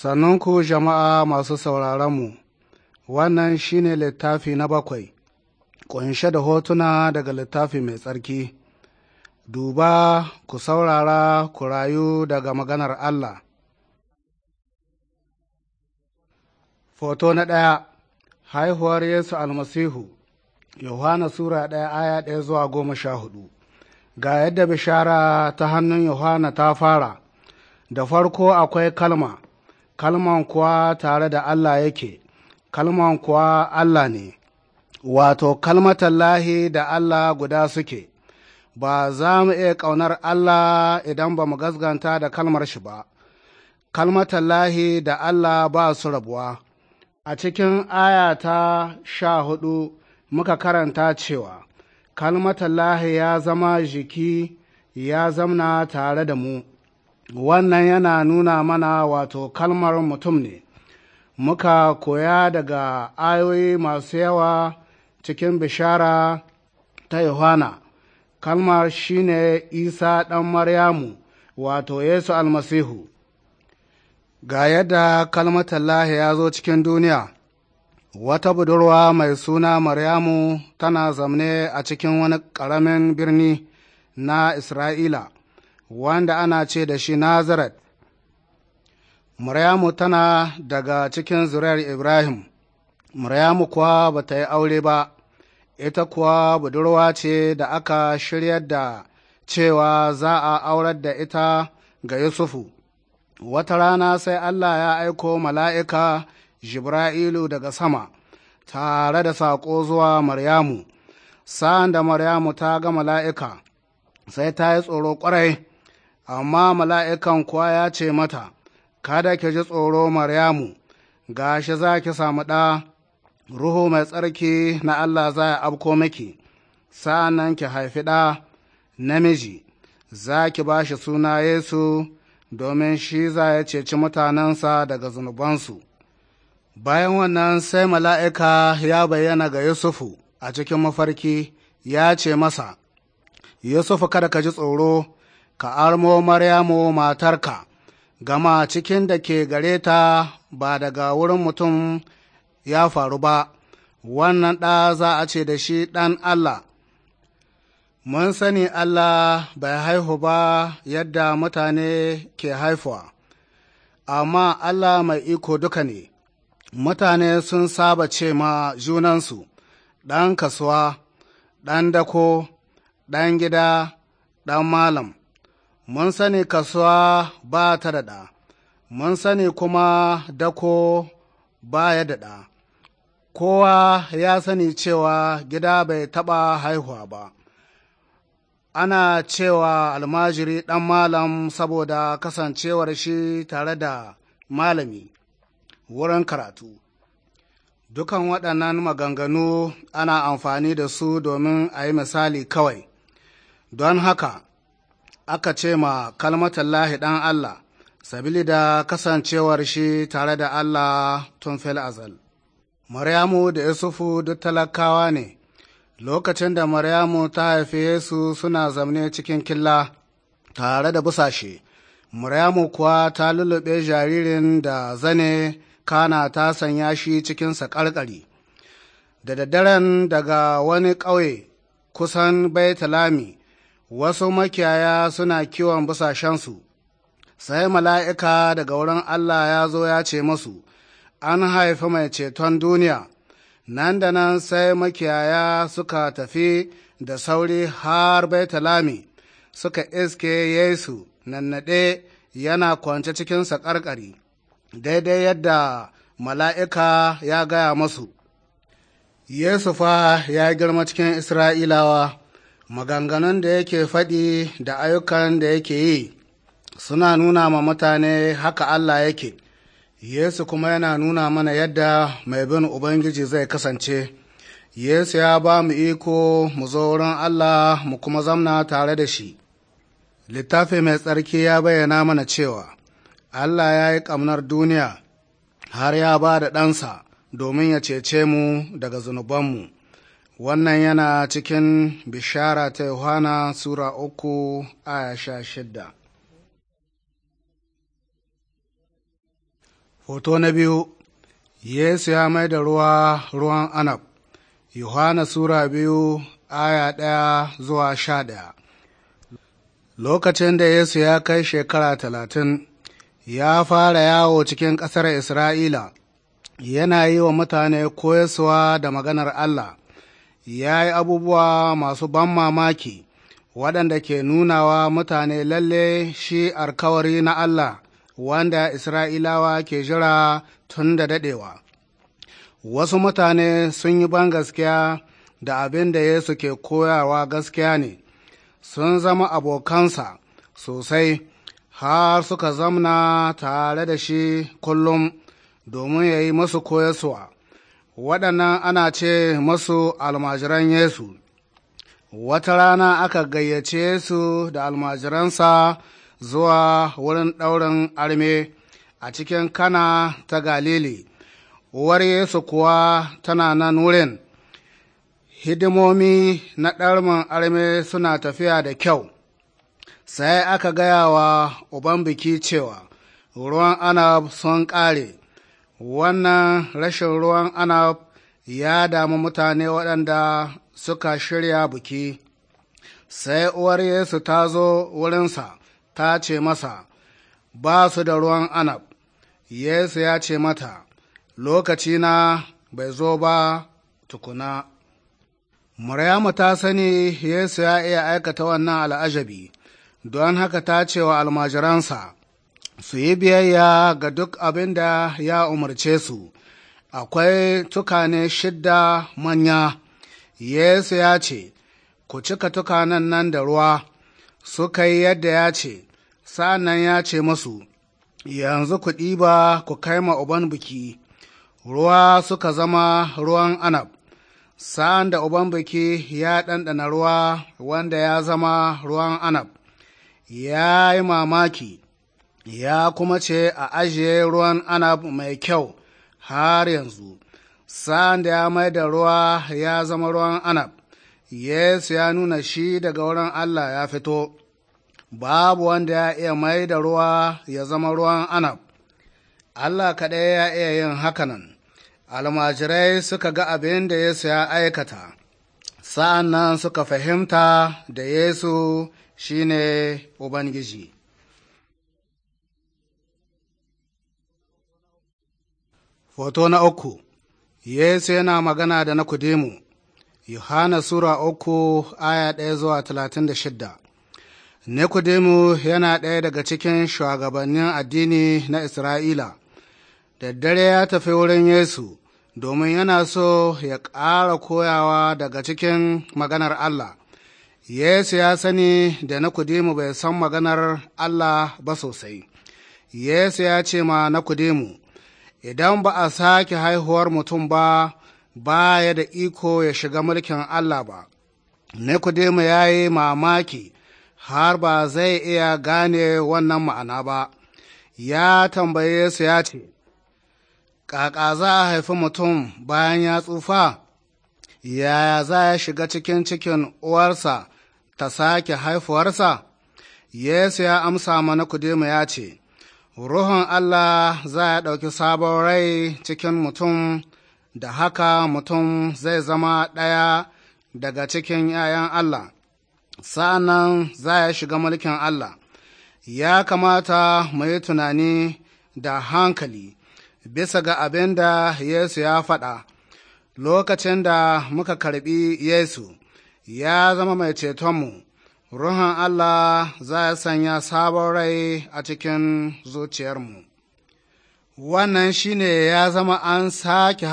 sannan ku jama'a masu mu wannan shine littafi na bakwai, ƙunshe da hotuna daga littafi mai tsarki. Duba ku saurara ku rayu daga maganar Allah. Foto na ɗaya, haihuwar Yesu almasihu, Yohana Sura ɗaya aya ɗaya zuwa goma sha hudu. Ga yadda bishara ta hannun Yohana ta fara, da farko akwai kalma. kalman kuwa tare da Allah yake, kalman kuwa Allah ne, wato lahi da Allah guda suke, ba za mu iya ƙaunar Allah idan ba mu gazganta da kalmar shi ba, lahi da Allah ba su rabuwa. A cikin ayata sha hudu muka karanta cewa, lahi ya zama jiki ya zamna tare da mu. wannan yana nuna mana wato kalmar mutum ne muka koya daga ayoyi masu yawa cikin bishara ta yohana kalmar shine isa ɗan maryamu wato yesu almasihu ga yadda lahi ya zo cikin duniya wata budurwa mai suna maryamu tana zamne a cikin wani ƙaramin birni na isra'ila wanda ana ce da shi Nazaret. Maryamu tana daga cikin zuriyar Ibrahim, Maryamu kuwa ba ta yi aure ba, ita kuwa budurwa ce da aka shiryar da cewa za a aurar da ita ga Yusufu. Wata rana sai Allah ya aiko mala'ika Jibra'ilu daga sama, tare da saƙo zuwa Maryamu, sa'an da Maryamu ta ga mala'ika, sai ta yi tsoro ƙwarai. amma mala'ikan kuwa ya ce mata, Kada ki ji tsoro Maryamu, gashi za ki samu ɗa, Ruhu mai tsarki na Allah za ya abko miki, sa'an ki haifi ɗa namiji, za ki ba shi suna Yesu domin shi za ya ceci mutanensa daga zunubansu. Bayan wannan sai mala'ika ya bayyana ga Yusufu a cikin mafarki ya ce masa, Yusufu kada ka ji tsoro. ka armo Maryamu matarka, gama cikin da ke gare ta ba daga wurin mutum ya faru ba, wannan ɗa za a ce da shi ɗan Allah. Mun sani Allah bai haihu ba yadda mutane ke haifuwa, amma Allah mai iko duka ne, mutane sun saba ce ma junansu, ɗan kasuwa, ɗan dako, ɗan gida, ɗan malam. mun sani kasuwa ba ta daɗa. mun sani kuma dako ba ya daɗa. kowa ya sani cewa gida bai taɓa haihuwa ba. Ana cewa almajiri ɗan malam saboda kasancewar shi tare da malami wurin karatu. Dukan waɗannan maganganu ana amfani da su domin a yi misali kawai, don haka aka ce ma kalmatallahi ɗan Allah, sabili da kasancewar shi tare da Allah tun fil azal. Maryamu da Yusufu duk talakawa ne, lokacin da Maryamu ta haifi Yesu suna zamne cikin killa tare da busashe, Maryamu kuwa ta lulluɓe jaririn da zane kana ta sanya shi cikinsa ƙarƙari. Da daddaren daga wani ƙauye kusan Baitalami wasu makiyaya suna kiwon busashensu, sai mala'ika daga wurin Allah ya zo ya ce masu, An haifi mai ceton duniya, nan da nan sai makiyaya suka tafi da sauri har Baitalami suka iske Yesu nannade, yana kwance cikin sakarkari, daidai yadda mala'ika ya gaya masu. Yesu fa ya girma cikin Isra'ilawa. maganganun da yake faɗi da ayyukan da yake yi suna nuna ma mutane haka Allah yake, Yesu kuma yana nuna mana yadda mai bin Ubangiji zai kasance. Yesu ya ba mu iko mu zo wurin Allah mu kuma zamna tare da shi. Littafi mai tsarki ya bayyana mana cewa Allah ya yi ƙamnar duniya har ya ba da ɗansa domin ya cece mu daga zunubanmu. wannan yana cikin bishara ta yohana sura uku aya sha shidda hoto na biyu yesu ya mai da ruwa ruwan anab yohana sura biyu aya ɗaya zuwa sha ɗaya lokacin da yesu ya kai shekara talatin ya fara yawo cikin ƙasar isra'ila yana yi wa mutane koyaswa da maganar allah ya yi abubuwa masu ban mamaki waɗanda ke nunawa mutane lalle shi alkawari na Allah wanda Isra'ilawa ke jira tun da daɗewa. Wasu mutane sun yi ban gaskiya da abin da Yesu ke koyawa gaskiya ne, sun zama abokansa sosai har suka zamna tare da shi kullum domin ya yi masu koyaswa. waɗannan ana ce masu almajiran Yesu. Wata rana aka gayyace su da almajiransa zuwa wurin ɗaurin arme a cikin kana ta Galili, uwar Yesu kuwa tana nan wurin. Hidimomi na ɗarmin arme suna tafiya da kyau, sai aka gaya wa uban biki cewa ruwan anab sun ƙare. wannan rashin ruwan anab ya damu mutane waɗanda suka shirya buki sai uwar yesu ta zo wurinsa ta ce masa ba su da ruwan anab yesu ya ce mata lokaci na bai zo ba tukuna Maryamu ta sani Yesu ya iya aikata wannan al'ajabi, don haka ta ce wa almajiransa, su yi biyayya ga duk abin da ya umarce su akwai tukane shidda manya yesu ya ce ku cika tukanen nan da ruwa suka yi yadda ya ce sa'an ya ce masu yanzu ku ɗiba ku kai ma uban biki ruwa suka zama ruwan anab sa'an da uban biki ya ɗanɗana ruwa wanda ya zama ruwan anab ya yi mamaki ya kuma ce a ajiye ruwan anab mai kyau har yanzu, sa'an da ya mai da ruwa ya zama ruwan anab, Yesu ya nuna shi daga wurin Allah ya fito, babu wanda ya iya mai da ruwa ya zama ruwan anab, Allah kaɗai ya iya yin hakanan, almajirai suka ga abin da Yesu ya aikata, sa'an nan suka fahimta da Yesu shine ne Ubangiji. Hoto na uku Yesu yana magana da Nakudemu, Yohana Sura uku aya ɗaya zuwa talatin da shidda. Nikudemu yana ɗaya daga cikin shugabannin addini na Isra'ila, daddare ya tafi wurin Yesu domin yana so ya ƙara koyawa daga cikin maganar Allah. Yesu ya sani da na kudimu bai san maganar Allah ba sosai. Yesu ya ce ma Nikudemu, idan ba a sake haihuwar mutum ba ba ya da iko ya shiga mulkin Allah ba. Nikodemu ya yi mamaki har ba zai iya gane wannan ma'ana ba, ya tambaye su ya ce, Ƙaƙa za a haifi mutum bayan ya tsufa, yaya za ya shiga cikin cikin uwarsa ta sake haifuwarsa? Yesu ya amsa mana Nikodemu ya ce, Ruhun Allah za ya ɗauki sabon rai cikin mutum, da haka mutum zai zama ɗaya daga cikin ‘ya'yan Allah, sa'an za ya shiga mulkin Allah. Ya kamata mu yi tunani da hankali bisa ga abin da Yesu ya faɗa. Lokacin da muka karɓi Yesu, ya zama mai cetonmu. Ruhun Allah za ya sanya sabon rai a cikin zuciyarmu. Wannan shi ne ya zama an sake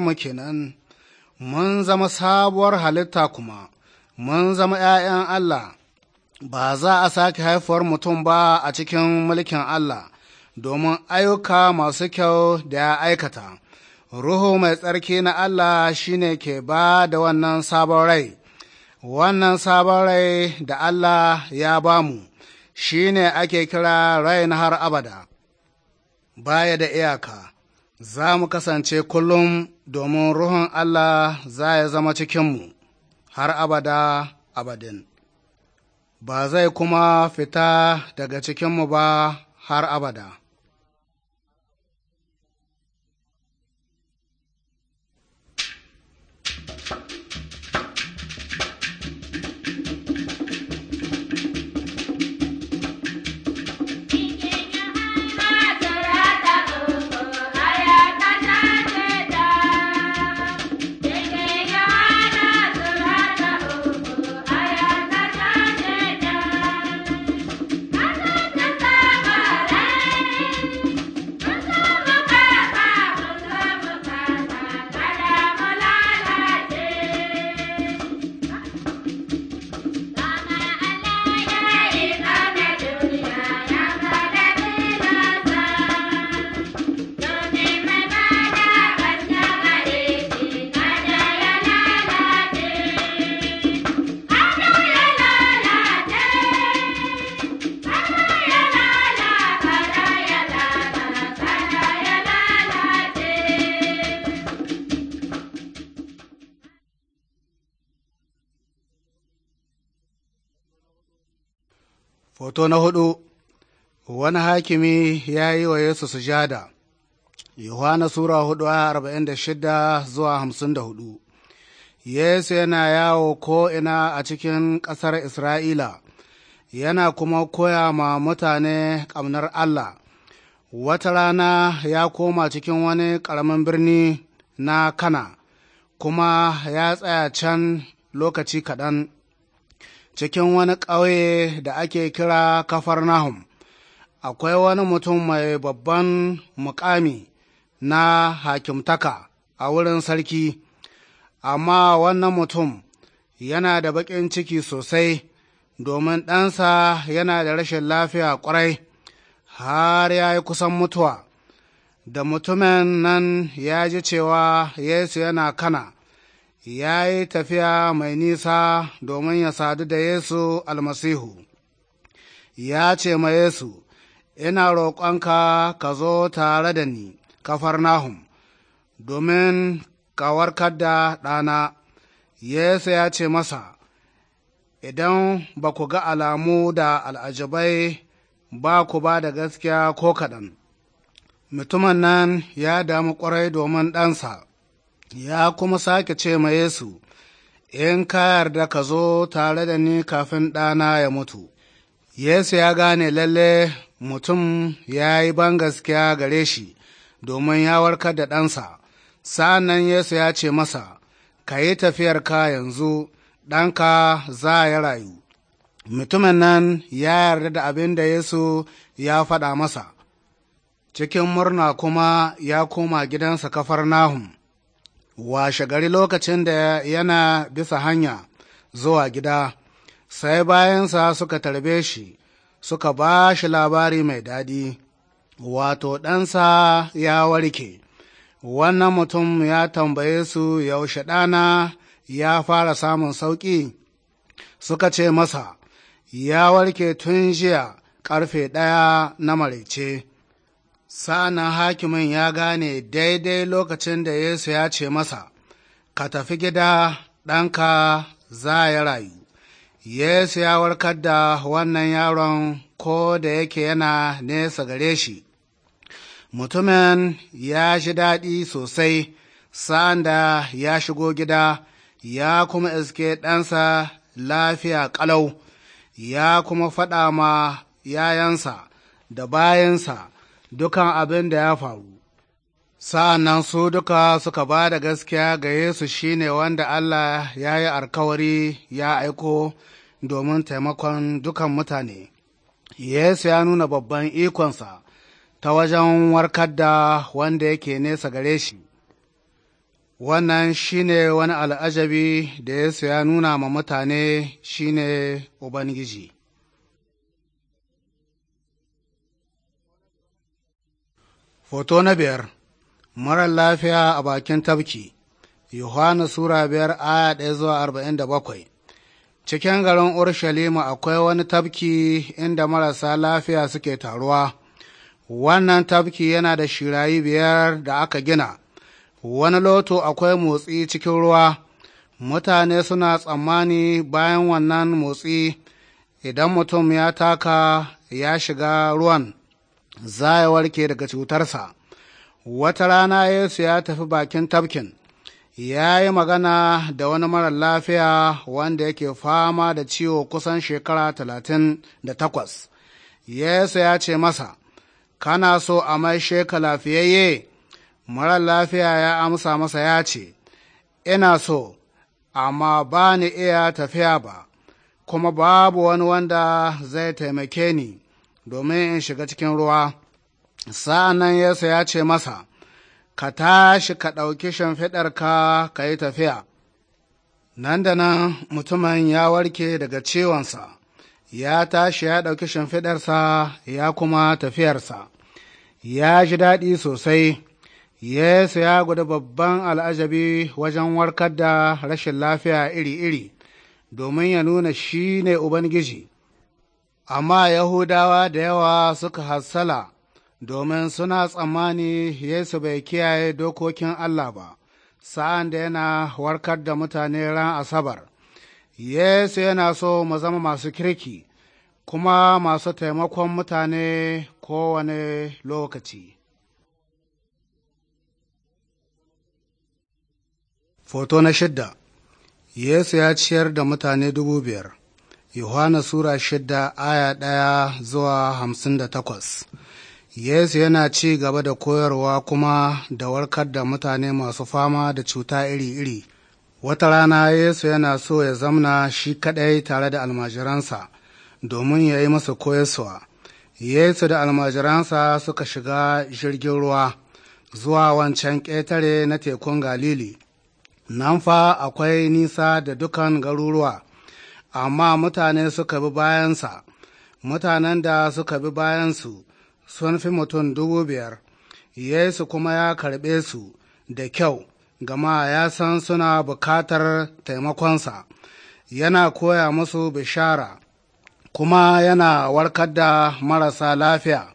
mu kenan, mun zama sabuwar halitta kuma, mun zama ’ya'yan Allah, ba za a sake haifuwar mutum ba a cikin mulkin Allah, domin ayyuka masu kyau da ya aikata. Ruhu mai tsarki na Allah shi ne ke ba da wannan sabon rai. wannan sabon rai da Allah ya bamu shi ne ake kira Rai na har abada, baya da iyaka, za mu kasance kullum domin Ruhun Allah za ya zama cikinmu har abada abadin, ba zai kuma fita daga cikinmu ba har abada. to na hudu Wani hakimi ya yi wa Yesu sujada, Yohana Sura hudu a arba'in da shida zuwa hamsin da hudu. Yesu yana yawo ko'ina a cikin ƙasar Isra'ila, yana kuma koya ma mutane ƙamnar Allah. Wata rana ya koma cikin wani ƙaramin birni na Kana, kuma ya tsaya can lokaci kaɗan. cikin wani ƙauye da ake kira Kafar Nahum, akwai wani mutum mai babban mukami na hakimtaka a wurin sarki, amma wannan mutum yana da baƙin ciki sosai domin ɗansa yana da rashin lafiya ƙwarai har ya yi kusan mutuwa. Da mutumin nan ya ji cewa Yesu yana kana. ya yi tafiya mai nisa domin ya sadu da Yesu almasihu, ya ce ma Yesu, Ina roƙonka ka zo tare da ni, kafar nahum. domin ka warkar da ɗana. Yesu ya ce masa, Idan ba ku ga alamu da al'ajabai ba ku ba da gaskiya ko kaɗan, mutumin nan ya damu ƙwarai domin ɗansa. ya kuma sake ce ma Yesu, In ka yarda ka zo tare da ni kafin ɗana ya mutu. Yesu ya gane lalle mutum ya yi gaskiya gare shi domin ya warkar da ɗansa, sa'an nan Yesu ya ce masa, Ka yi tafiyarka yanzu, ɗanka za ya rayu. Mutumin nan ya yarda da abin da Yesu ya faɗa masa, cikin murna kuma ya koma gidansa kafar Nahum. washe gari lokacin da yana bisa hanya zuwa gida, sai bayansa suka tarbe shi, suka ba shi labari mai daɗi, wato ɗansa ya warke. Wannan mutum ya tambaye su yaushe ɗana ya fara samun sauƙi, suka ce masa, ya warke tun jiya ƙarfe ɗaya na maraice. Sa'an hakimin ya gane daidai lokacin da Yesu ya ce masa, Ka tafi gida ɗanka za ya rayu. Yesu ya warkar da wannan yaron ko da yake yana nesa gare shi. Mutumin ya shi daɗi sosai sa'an da ya shigo gida ya kuma iske ɗansa lafiya ƙalau, ya kuma faɗa ma yayansa da bayansa dukan abin da ya faru. Sa'an nan su duka suka ba da gaskiya ga Yesu shi ne wanda Allah ya yi alkawari ya aiko domin taimakon dukan mutane. Yesu ya nuna babban ikonsa ta wajen warkar da wanda yake nesa gare shi. Wannan shi ne wani al'ajabi da Yesu ya nuna ma mutane shi ne Ubangiji. Hoto na biyar mara lafiya a bakin tafki Yohana Sura biyar aya ɗaya zuwa arba'in da bakwai Cikin garin Urshalima akwai wani tafki inda marasa lafiya suke taruwa. Wannan tafki yana da shirayi biyar da aka gina. Wani loto akwai motsi cikin ruwa. Mutane suna tsammani bayan wannan motsi idan mutum ya taka ya shiga ruwan za ya warke daga cutarsa wata rana yesu ya tafi bakin tafkin ya yi magana da wani marar lafiya wanda yake fama da ciwo kusan shekara talatin da takwas yesu ya ce masa kana so a maishe ka lafiyayye marar lafiya ya amsa masa ya ce ina so amma ba ni iya tafiya ba kuma babu wani wanda zai taimake ni domin in shiga cikin ruwa. Sa'an Yesu ya ce masa, Ka tashi ka ɗauki shimfiɗarka ka yi tafiya. Nan da nan mutumin ya warke daga ciwonsa, ya tashi ya ɗauki shimfiɗarsa ya kuma tafiyarsa, ya ji daɗi sosai, Yesu ya gudu babban al'ajabi wajen warkar da rashin lafiya iri-iri, domin ya nuna shi ne Ubangiji, amma Yahudawa da yawa suka hassala domin suna tsammani Yesu bai kiyaye dokokin Allah ba, sa'an da yana warkar da mutane ran Asabar. Yesu yana so mu zama masu kirki, kuma masu taimakon mutane kowane lokaci. Foto na shidda Yesu ya ciyar da mutane dubu biyar. Yohana Sura shida aya ɗaya zuwa hamsin da takwas. Yesu yana ci gaba da koyarwa kuma da warkar da mutane masu fama da cuta iri-iri. Wata rana Yesu yana so ya zamna shi kaɗai tare da almajiransa domin ya yi masa koyarwa. Yesu da almajiransa suka shiga jirgin ruwa zuwa wancan ƙetare na tekun Galili. Nan fa akwai nisa da dukan garuruwa. amma mutane suka bi bayansa, mutanen da suka bi bayansu sun fi mutum dubu biyar, Yesu kuma ya karɓe su da kyau, gama ya san suna bukatar taimakonsa, yana koya musu bishara, kuma yana warkar da marasa lafiya.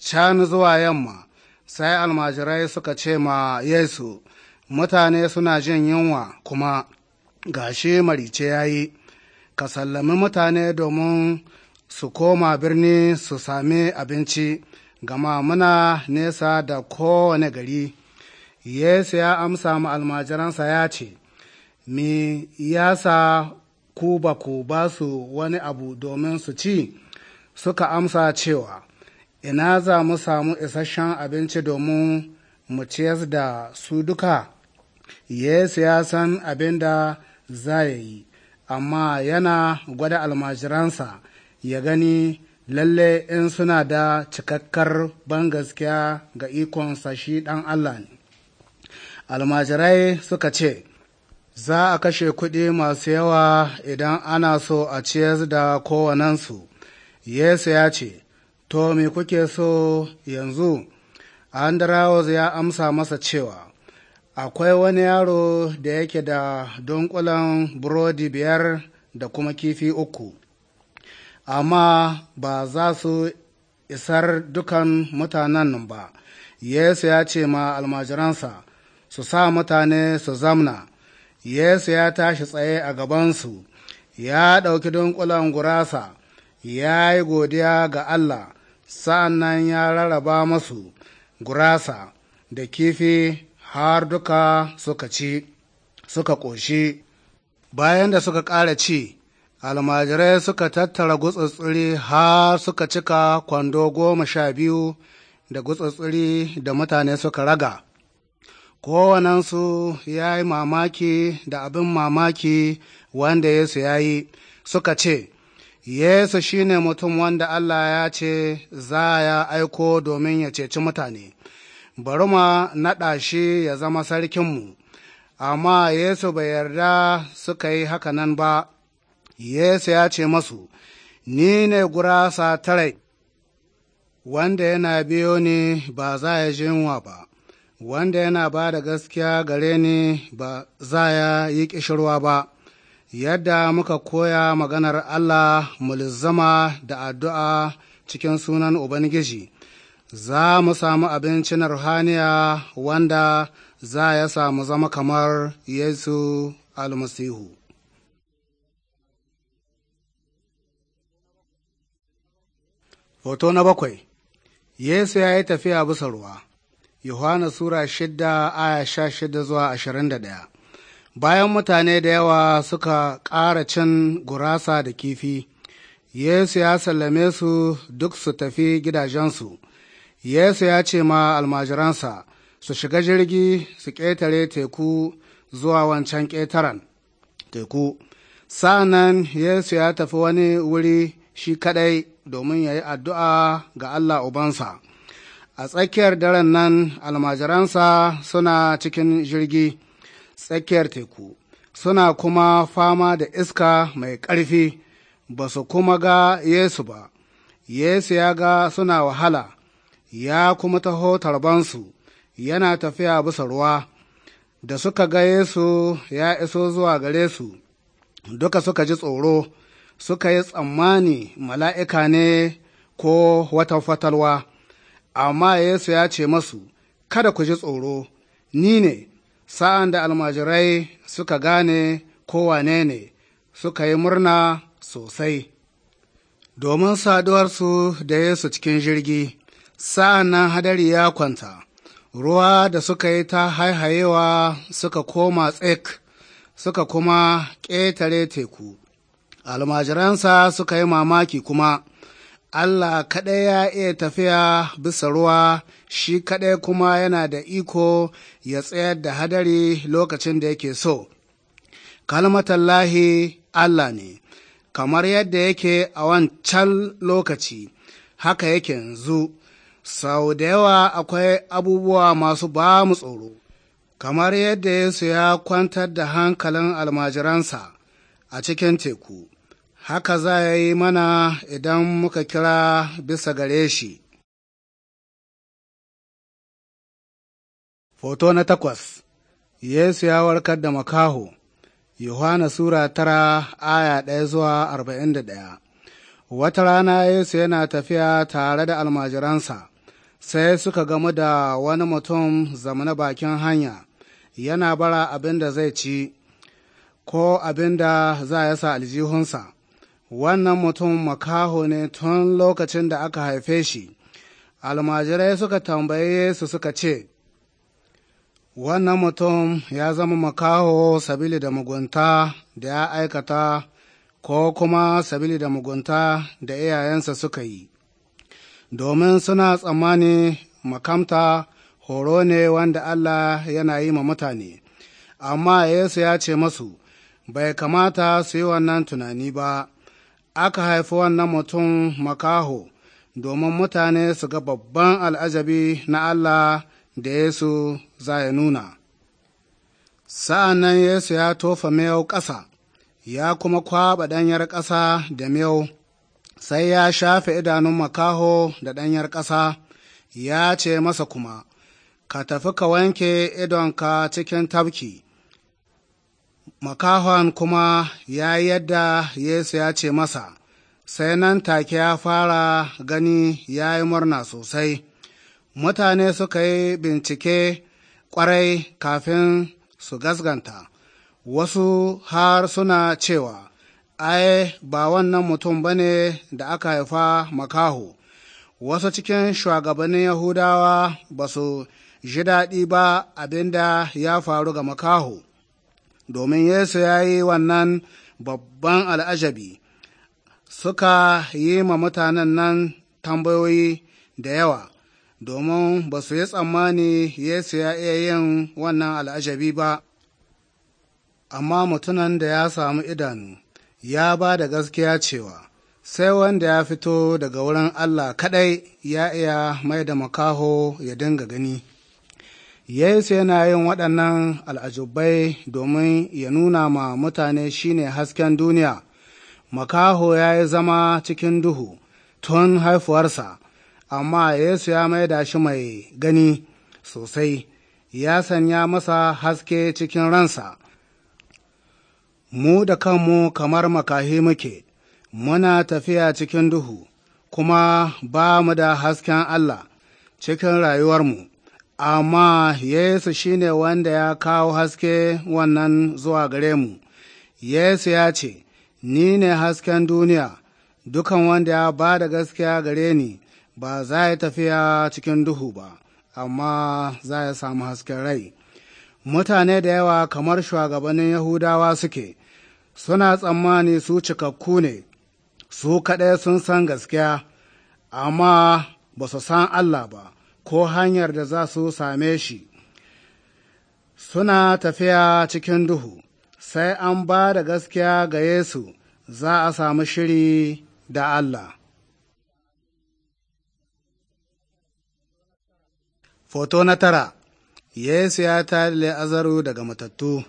Can zuwa yamma, sai almajirai suka ce ma Yesu, mutane suna jin yunwa kuma gashi marice ya yi ka sallami mutane domin su koma birni su sami abinci, gama muna nesa da kowane gari. Yesu ya amsa mu almajiransa ya ce, Me yasa ku ba ku ba su wani abu domin su ci? Suka amsa cewa, Ina za mu samu isasshen abinci domin mu ciyar da su duka? Yesu ya san abin da za yi. amma yana gwada almajiransa ya gani lalle in suna da cikakkar ban gaskiya ga ikonsa shi ɗan Allah ne. Almajirai suka ce, Za a kashe kuɗi masu yawa idan ana so a ciyar da kowanensu. Yesu ya ce, To, me kuke so yanzu? Andrews ya amsa masa cewa, akwai wani yaro da yake da dunkulan burodi biyar da kuma kifi uku amma ba za su isar dukan mutanen nan ba yesu ya ce ma almajiransa su sa mutane su zamna yesu ya tashi tsaye a gabansu ya ɗauki dunkulan gurasa ya yi godiya ga allah sa'an nan ya rarraba masu gurasa da kifi har duka suka ci suka ƙoshi bayan da suka ƙara ci almajirai suka tattara gutsatsiri har suka cika kwando goma sha biyu da gutsatsiri da mutane suka raga kowanensu ya yi mamaki da abin mamaki wanda yesu ya yi suka ce yesu shine mutum wanda allah ya ce za ya aiko domin ya ceci mutane bari ma naɗa shi ya zama sarkinmu, amma Yesu bai yarda suka yi haka nan ba, Yesu ya ce masu, Ni ne gurasa tarai, wanda yana biyo ne ba za ya ji yunwa ba, wanda yana ba da gaskiya gare ni ba za ya yi ƙishirwa ba. yadda muka koya maganar Allah mu da addu'a cikin sunan Ubangiji, za mu samu abinci na ruhaniya wanda za ya samu zama kamar Yesu almasihu. Hoto na bakwai Yesu ya yi tafiya bisa ruwa, Yohana Sura shida aya sha shida zuwa ashirin da ɗaya. Bayan mutane da yawa suka ƙara cin gurasa da kifi, Yesu ya sallame su duk su tafi gidajensu. Yesu ya ce ma almajiransa su shiga jirgi su ƙetare teku zuwa wancan ƙetaren teku. Sa'an Yesu ya tafi wani wuri shi kaɗai domin ya yi addu'a ga Allah Ubansa. A tsakiyar daren nan almajiransa suna cikin jirgi tsakiyar teku, suna kuma fama da iska mai ƙarfi, ba su kuma ga Yesu ba. Yesu ya ga suna wahala. ya kuma taho tarbansu yana tafiya bisa ruwa, da suka ga Yesu ya iso zuwa gare su, duka suka ji tsoro, suka yi tsammani mala'ika ne ko wata fatalwa, amma Yesu ya ce masu, Kada ku ji tsoro, ni ne, sa'an da almajirai suka gane kowane ne, suka yi murna sosai. Domin saduwarsu da Yesu cikin jirgi, sa'an hadari ya kwanta ruwa da suka yi ta haihayewa suka koma tsek suka kuma ƙetare teku almajiransa suka yi mamaki kuma Allah kaɗai ya iya tafiya bisa ruwa shi kaɗai kuma yana da iko ya tsayar da hadari lokacin da yake so. Kalmatallahi Allah ne, kamar yadda yake a wancan lokaci, haka yake yanzu, sau da yawa akwai abubuwa masu ba mu tsoro, kamar yadda Yesu ya kwantar da hankalin almajiransa a cikin teku, haka za ya yi mana idan muka kira bisa gare shi. Foto na takwas Yesu ya warkar da makaho, Yohana Sura tara aya ɗaya zuwa arba'in da ɗaya. Wata rana Yesu yana tafiya tare da almajiransa. sai suka gamu da wani mutum zamana bakin hanya yana bara abin da zai ci ko abin da za ya sa aljihunsa wannan mutum makaho ne tun lokacin da aka haife shi almajirai suka tambaye su suka ce wannan mutum ya zama makaho sabili da mugunta da ya aikata ko kuma sabili da mugunta da iyayensa suka yi domin suna tsammani makamta horo ne wanda Allah yana yi ma mutane, amma Yesu ya ce masu, bai kamata su yi wannan tunani ba, aka haifi wannan mutum makaho domin mutane su ga babban al'ajabi na Allah da Yesu za ya nuna. Sa'an nan Yesu ya tofa miyau ƙasa, ya kuma kwaɓa ɗanyar ƙasa da miyau. sai ya shafe idanun makaho da ɗanyar ƙasa, ya ce masa kuma, Ka tafi ka wanke idonka cikin tafki. Makahon kuma ya yadda Yesu ya ce masa, sai nan take ya fara gani ya yi murna sosai. Mutane suka yi bincike ƙwarai kafin su gasganta, wasu har suna cewa, ai, ba wannan mutum ba ne da aka haifa makaho. Wasu cikin shugabannin Yahudawa ba su ji daɗi ba abinda ya faru ga makaho, domin Yesu ya yi wannan babban al'ajabi, suka yi ma mutanen nan tambayoyi da yawa, domin ba su yi tsammani Yesu ya iya yin wannan al'ajabi ba, amma mutunan da ya samu idanu. ya ba da gaskiya cewa sai wanda ya fito daga wurin Allah kaɗai ya iya mai da makaho ya dinga gani. Yesu yana yin waɗannan al'ajubai domin ya nuna ma mutane shine hasken duniya, makaho ya yi zama cikin duhu tun haifuwarsa, amma Yesu ya mai da shi mai gani sosai, ya sanya masa haske cikin ransa. mu da kanmu kamar makahi muke, muna tafiya cikin duhu, kuma ba mu da hasken Allah cikin rayuwarmu, amma Yesu shi ne wanda ya kawo haske wannan zuwa gare mu. Yesu ya ce, Ni ne hasken duniya, dukan wanda ya ba da gaskiya gare ni ba za ya tafiya cikin duhu ba, amma za ya samu hasken rai. mutane da yawa kamar shugabannin Yahudawa suke, suna tsammani su cikakku ne, su kaɗai sun san gaskiya, amma ba su san Allah ba, ko hanyar da za su same shi. Suna tafiya cikin duhu, sai an ba da gaskiya ga Yesu za a samu shiri da Allah. Foto na tara Yesu ya tare Lazaro daga matattu,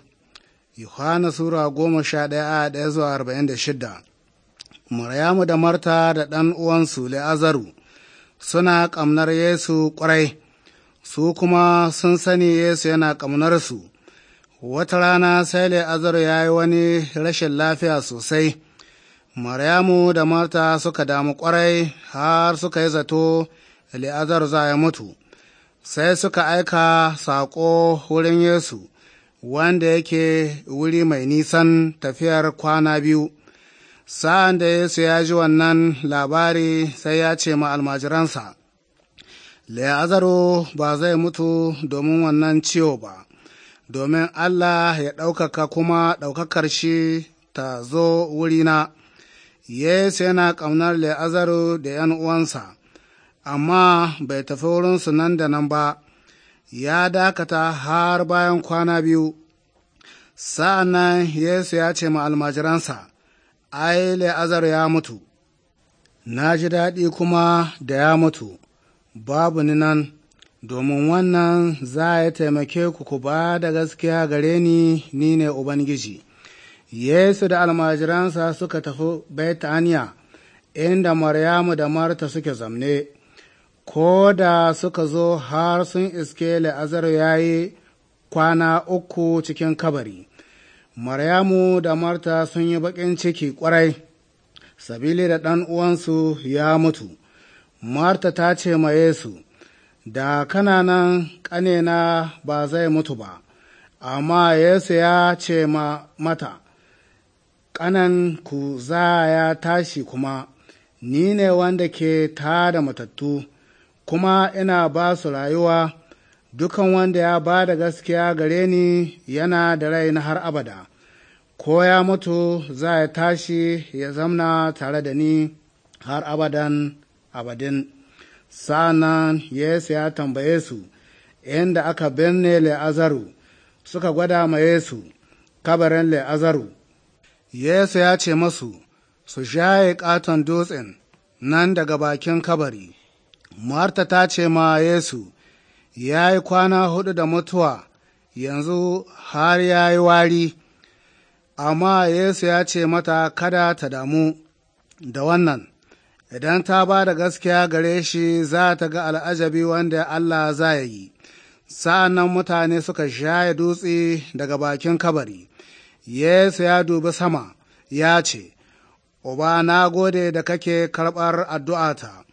Yohana Sura goma sha ɗaya a ɗaya zuwa arba'in da shida. Maryamu da Marta da ɗan uwansu Lazaru suna ƙamnar Yesu ƙwarai, su kuma sun sani Yesu yana su Wata rana sai Lazaru ya yi wani rashin lafiya sosai. Maryamu da Marta suka damu ƙwarai har suka yi zato Lazaru za ya mutu. sai suka aika saƙo wurin Yesu, wanda yake wuri mai nisan tafiyar kwana biyu. Sa'an da Yesu ya ji wannan labari sai ya ce ma almajiransa, Le'azaro ba zai mutu domin wannan ciwo ba, domin Allah ya ɗaukaka kuma ɗaukakar shi ta zo wurina. Yesu yana ƙaunar Le'azaro da ’yan uwansa. amma bai tafi wurinsu nan da nan ba, ya dakata har bayan kwana biyu. Sa'an nan Yesu ya ce ma almajiransa, Ai, Le'azar ya mutu, na ji daɗi kuma da ya mutu, babu ni nan, domin wannan za ya taimake ku ku ba da gaskiya gare ni, ni ne Ubangiji. Yesu da almajiransa suka tafi Betaniya, inda Maryamu da Marta suke zamne. ko da suka zo har sun iske la'azar ya yi kwana uku cikin kabari. Maryamu da Marta sun yi baƙin ciki ƙwarai, sabili da ɗan uwansu ya mutu. Marta ta ce ma Yesu, da kananan ƙanena ba zai mutu ba, amma Yesu ya ce ma mata, ƙanan ku za ya tashi kuma, ni ne wanda ke ta da matattu. kuma ina ba su rayuwa dukan wanda ya ba da gaskiya gare ni yana da rai na har abada ko ya mutu za ya tashi ya zamna tare da ni har abadan abadin sanan yesu ya tambaye su inda aka binne le'azaru suka gwada ma yesu kabarin le'azaru yesu ya ce masu su shaye katon dutsen nan daga bakin kabari Marta ta ce ma Yesu, ya yi kwana hudu da mutuwa, yanzu har ya yi wari, amma Yesu ya ce mata kada ta damu da wannan, idan ta ba da gaskiya gare shi za ta ga al'ajabi wanda Allah za ya yi. Sa'an nan mutane suka shaye dutse daga bakin kabari, Yesu ya dubi sama, ya ce, Uba na gode da kake karɓar addu'ata.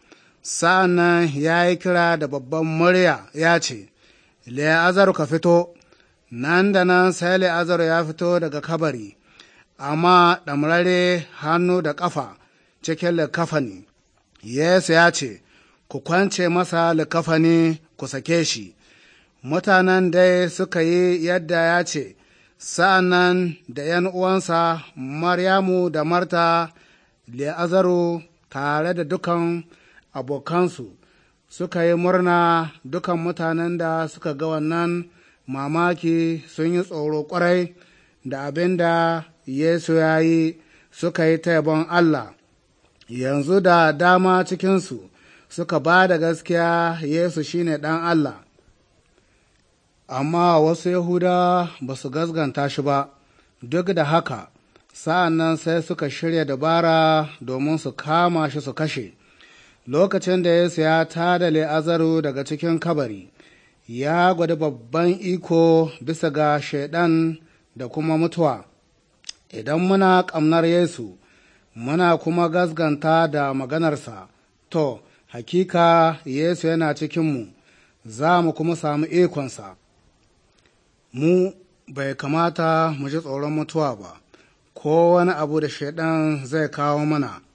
sa'an ya yi kira da babban murya ya ce, Le'azaru ka fito, nan da nan sai Le'azaru ya fito daga kabari, amma ɗamrare hannu da ƙafa cikin likafani. Yesu ya ce, Ku kwance masa likafani ku sake shi, mutanen dai suka yi yadda ya ce, sa'an da ’yan uwansa Maryamu da Marta, Le'azaru tare da dukan abokansu suka yi murna dukan mutanen da suka ga wannan mamaki sun yi tsoro kwarai da abin da Yesu ya yi suka yi taibon Allah, yanzu da dama cikinsu suka ba da gaskiya Yesu shine ɗan Allah. Amma wasu Yahuda ba su gasganta shi ba, duk da haka, sa'an sai suka shirya dabara domin su kama shi su kashe. lokacin da Yesu ya tada azaru daga cikin kabari, ya gwada babban iko bisa ga shaidan da kuma mutuwa. Idan muna ƙamnar Yesu, muna kuma gasganta da maganarsa, to, hakika Yesu yana cikinmu, za mu kuma samu ikonsa. Mu bai kamata mu ji tsoron mutuwa ba, ko wani abu da shaidan zai kawo mana.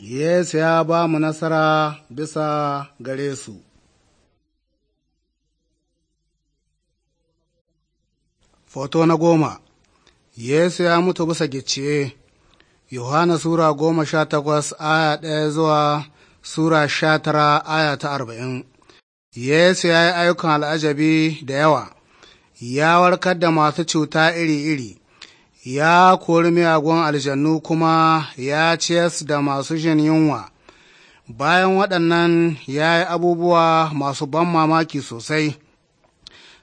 Yesu ya ba mu nasara bisa gare su. Foto na goma Yesu ya mutu bisa gicciye, Yohana Sura goma sha takwas aya ɗaya zuwa Sura sha tara aya ta arba'in. Yesu ya yi ayyukan al'ajabi da yawa, ya warkar da masu cuta iri-iri, ya kori miyagun aljannu kuma ya ciyas da masu jin yunwa bayan waɗannan ya yi abubuwa masu ban mamaki sosai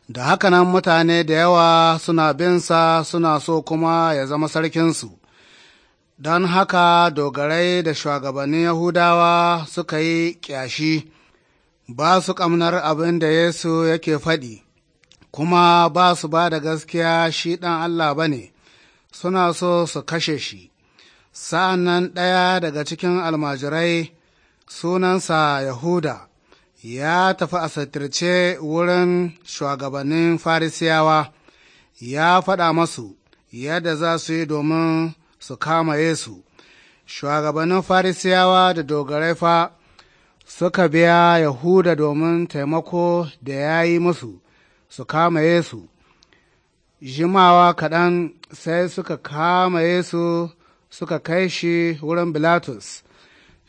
da hakanan mutane da yawa suna binsa suna so kuma ya zama sarkinsu don haka dogarai da shugabannin yahudawa suka yi ƙyashi ba su ƙamnar abin da yesu yake faɗi kuma ba su ba da gaskiya shi ɗan allah ba ne suna so su kashe shi sa'an ɗaya daga cikin almajirai sunansa yahuda ya tafi a satirce wurin shugabannin farisiyawa ya faɗa masu yadda za su yi domin su kama yesu shugabannin farisiyawa da dogarai fa suka biya yahuda domin taimako da ya yi musu su kama yesu jimawa kaɗan sai suka kama Yesu suka kai shi wurin Bilatus,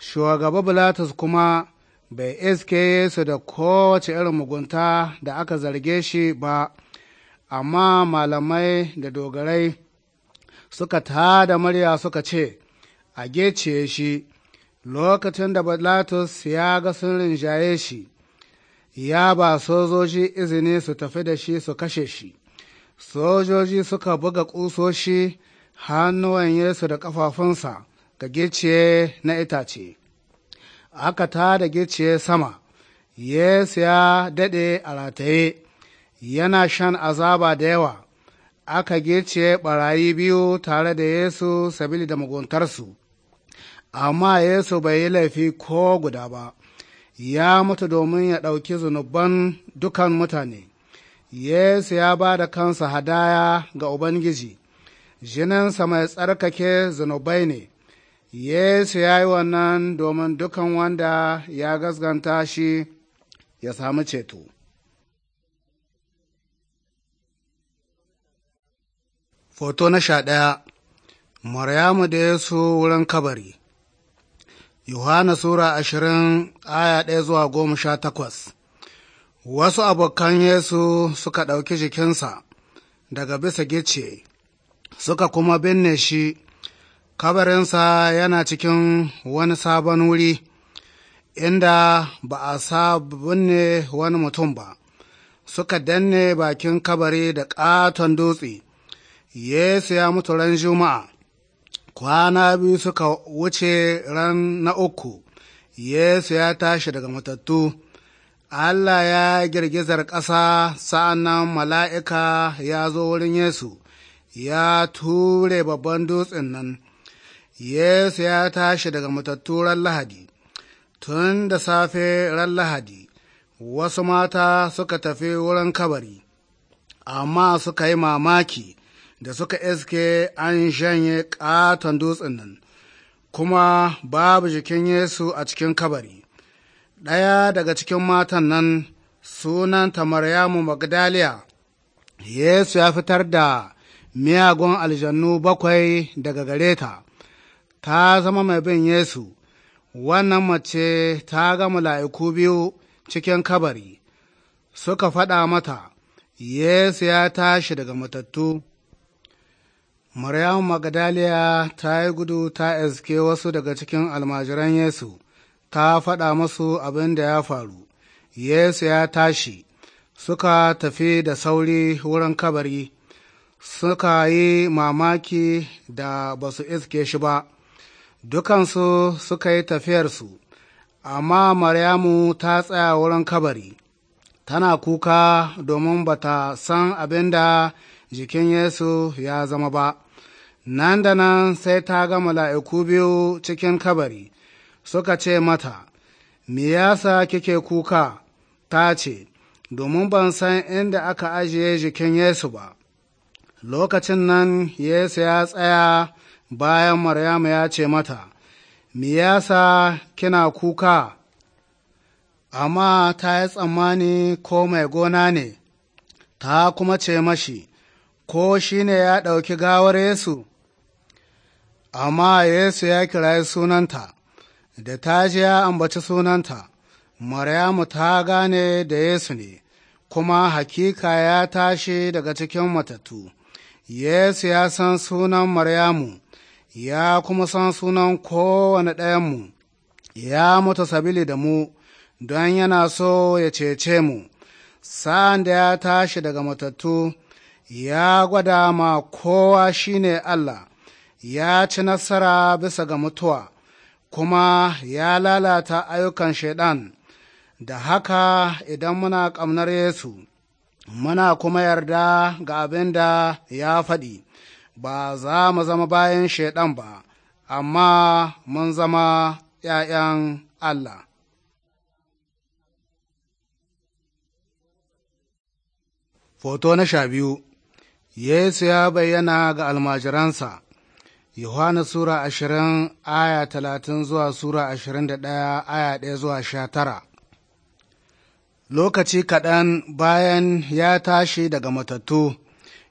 shugaba Bilatus kuma bai iske Yesu da kowace irin mugunta da aka zarge shi ba, amma malamai da dogarai suka tada murya suka ce, a gece shi, lokacin da Bilatus ya ga sun rinjaye shi, ya ba sojoji izini su tafi da shi su kashe shi. sojoji suka buga ƙusoshi hannuwan Yesu da ƙafafunsa ga gicciye na itace. Aka ta da gicciye sama, Yesu ya daɗe a rataye, yana shan azaba da yawa, aka gicciye ɓarayi biyu tare da Yesu sabili da muguntarsu. Amma Yesu bai yi laifi ko guda ba, ya mutu domin ya ɗauki zunuban dukan mutane. Yesu ya ba da kansa hadaya ga Ubangiji, jininsa mai tsarkake zunubai ne, Yesu ya yi wannan domin dukan wanda ya gasganta shi ya samu ceto. Foto na sha ɗaya Maryamu da Yesu wurin kabari Yohana Sura ashirin aya ɗaya zuwa goma sha takwas Wasu abokan Yesu suka ɗauki jikinsa daga bisa gice, suka kuma binne shi, kabarinsa yana cikin wani sabon wuri, inda ba a sa binne wani mutum ba, suka danne bakin kabari da ƙaton dutse, Yesu ya mutu ran Juma'a, kwana biyu suka wuce ran na uku, Yesu ya tashi daga matattu. Allah ya girgizar ƙasa sa'an nan mala'ika ya zo wurin Yesu, ya ture babban dutsen nan, Yesu ya tashi daga matattu ran Lahadi, tun da safe ran Lahadi, wasu mata suka tafi wurin kabari, amma suka yi mamaki da suka iske an shanye ƙaton dutsen nan, kuma babu jikin Yesu a cikin kabari. ɗaya daga cikin matan nan sunanta Maryamu Magdaliya, Yesu ya fitar da miyagun aljannu bakwai daga gare ta, ta zama mai bin Yesu, wannan mace ta ga mala'iku biyu cikin kabari, suka faɗa mata, Yesu ya tashi daga matattu. Maryamu Magdaliya ta yi gudu ta iske wasu daga cikin almajiran Yesu. ta faɗa masu abin da ya faru, Yesu ya tashi, suka tafi da sauri wurin kabari, suka yi mamaki da ba su iske shi ba, dukansu suka yi tafiyarsu, amma Maryamu ta tsaya wurin kabari, tana kuka domin ba ta san abin da jikin Yesu ya zama ba. Nan da nan sai ta ga mala'iku biyu cikin kabari. suka ce mata, Me yasa kike kuka? Ta ce, Domin ban san inda aka ajiye jikin Yesu ba. Lokacin nan Yesu ya tsaya bayan Maryamu ya ce mata, Me yasa kina kuka? Amma ta yi tsammani ko mai gona ne, ta kuma ce mashi, Ko shi ne ya ɗauki gawar Yesu? Amma Yesu ya kira sunanta. da ta ji ya ambaci sunanta, Maryamu ta gane da Yesu ne, kuma hakika ya tashi daga cikin matattu. Yesu ya san sunan Maryamu, ya kuma san sunan kowane ɗayanmu, ya mutu sabili da mu, don yana so ya cece mu, sa'an da ya tashi daga matattu, ya gwada ma kowa shine Allah, ya ci nasara bisa ga mutuwa. kuma ya lalata ayyukan Shaiɗan, da haka idan muna ƙamnar Yesu, muna kuma yarda ga abin da ya faɗi, ba za mu zama bayan Shaiɗan ba, amma mun zama ’ya'yan Allah. Foto na sha biyu Yesu ya bayyana ga almajiransa. Yohana Sura ashirin aya talatin zuwa Sura ashirin da ɗaya aya ɗaya zuwa sha tara. Lokaci kaɗan bayan ya tashi daga matattu,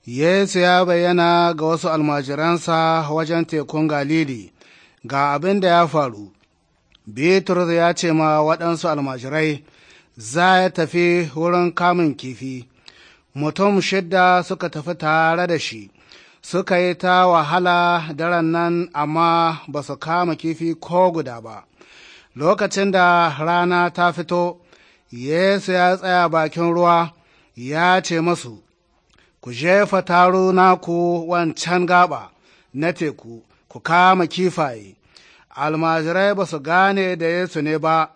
Yesu ya bayyana ga wasu almajiransa wajen tekun Galili, ga abin da ya faru. Bitrus ya ce ma waɗansu almajirai, za ya tafi wurin kamun kifi, mutum shidda suka tafi tare da shi. suka yi ta wahala daren nan amma ba su kama kifi ko guda ba. Lokacin da rana ta fito, Yesu ya tsaya bakin ruwa ya ce masu, Ku jefa taro naku wancan gaba na teku, ku kama kifaye. Almajirai ba su gane da Yesu ne ba,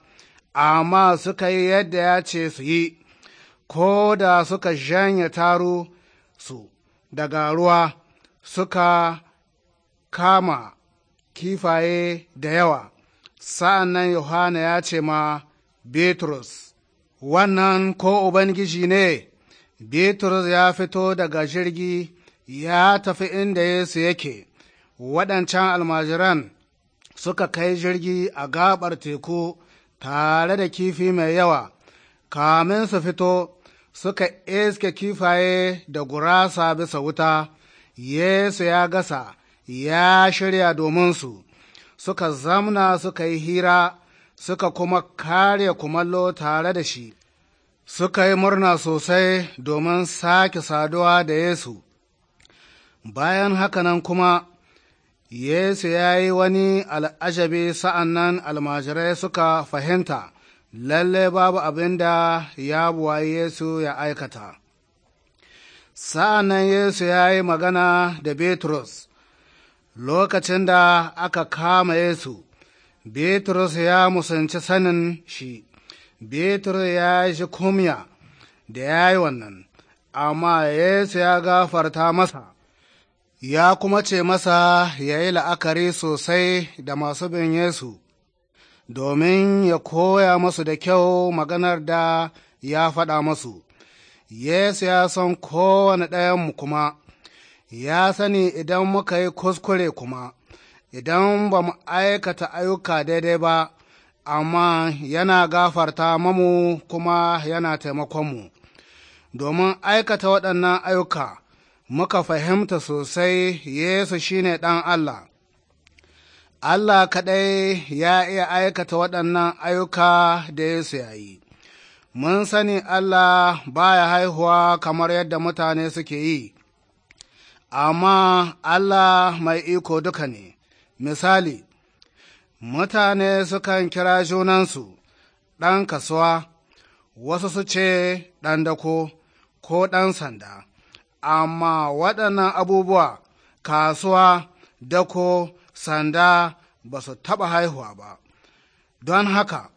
amma suka yi yadda ya ce su yi, ko da suka janye taro su daga ruwa. suka kama kifaye da yawa sa'an nan yohana ya ce ma bitrus wannan ko ubangiji ne bitrus ya fito daga jirgi ya tafi inda yesu yake waɗancan almajiran suka kai jirgi a gabar teku tare da kifi mai yawa kamin su fito suka iske kifaye da gurasa bisa wuta Yesu ya gasa, ya shirya su, suka zamna suka yi hira, suka kuma kare kumallo tare da shi, suka yi murna sosai domin sake saduwa da Yesu. Bayan hakanan kuma, Yesu ya yi wani al'ajabi sa'an nan almajirai suka fahimta, lalle babu abin da ya buwa Yesu ya aikata. Sa'an nan Yesu ya yi magana da Bitrus, lokacin da aka kama Yesu, Bitrus ya musanci sanin shi, Bitrus ya shi kumya da ya yi wannan, amma Yesu ya gafarta masa, ya kuma ce masa ya yi la'akari sosai da masu bin Yesu, domin ya koya masu da kyau maganar da ya faɗa masu. Yesu ya san kowane ɗayanmu kuma, ya sani idan muka yi kuskure kuma, idan ba mu aikata ayyuka daidai ba, amma yana gafarta mamu kuma yana taimakonmu. Domin aikata waɗannan ayyuka, muka fahimta sosai Yesu shine ɗan Allah. Allah kaɗai ya iya aikata waɗannan ayyuka da Yesu ya yi. mun sani Allah baya haihuwa kamar yadda mutane suke yi, amma Allah mai iko duka ne, misali, mutane sukan kira junansu ɗan kasuwa, wasu su ce ɗan dako ko ɗan sanda, amma waɗannan abubuwa kasuwa, dako, sanda ba su taɓa haihuwa ba, don haka,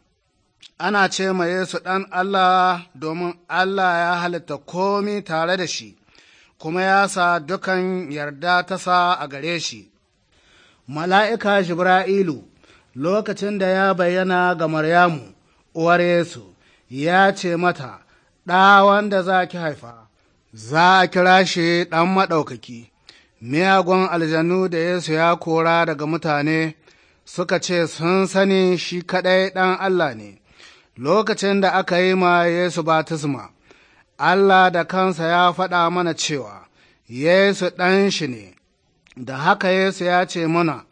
ana ce ma Yesu ɗan Allah domin Allah ya halitta komi tare da shi, kuma ya sa dukan yarda ta sa a gare shi. Mala'ika Jibra'ilu lokacin da ya bayyana ga Maryamu, uwar Yesu, ya ce mata, ɗa wanda za ki haifa, za a kira shi ɗan maɗaukaki. Miyagun aljanu da Yesu ya kora daga mutane suka ce sun sani shi kaɗai ɗan Allah ne. lokacin da aka yi ma Yesu batisma, Allah da kansa ya faɗa mana cewa Yesu ɗan shi ne, da haka Yesu ya ce mana,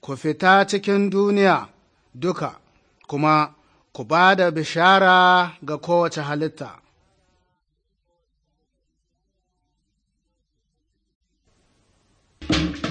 Ku fita cikin duniya duka, kuma ku ba da bishara ga kowace halitta. thank you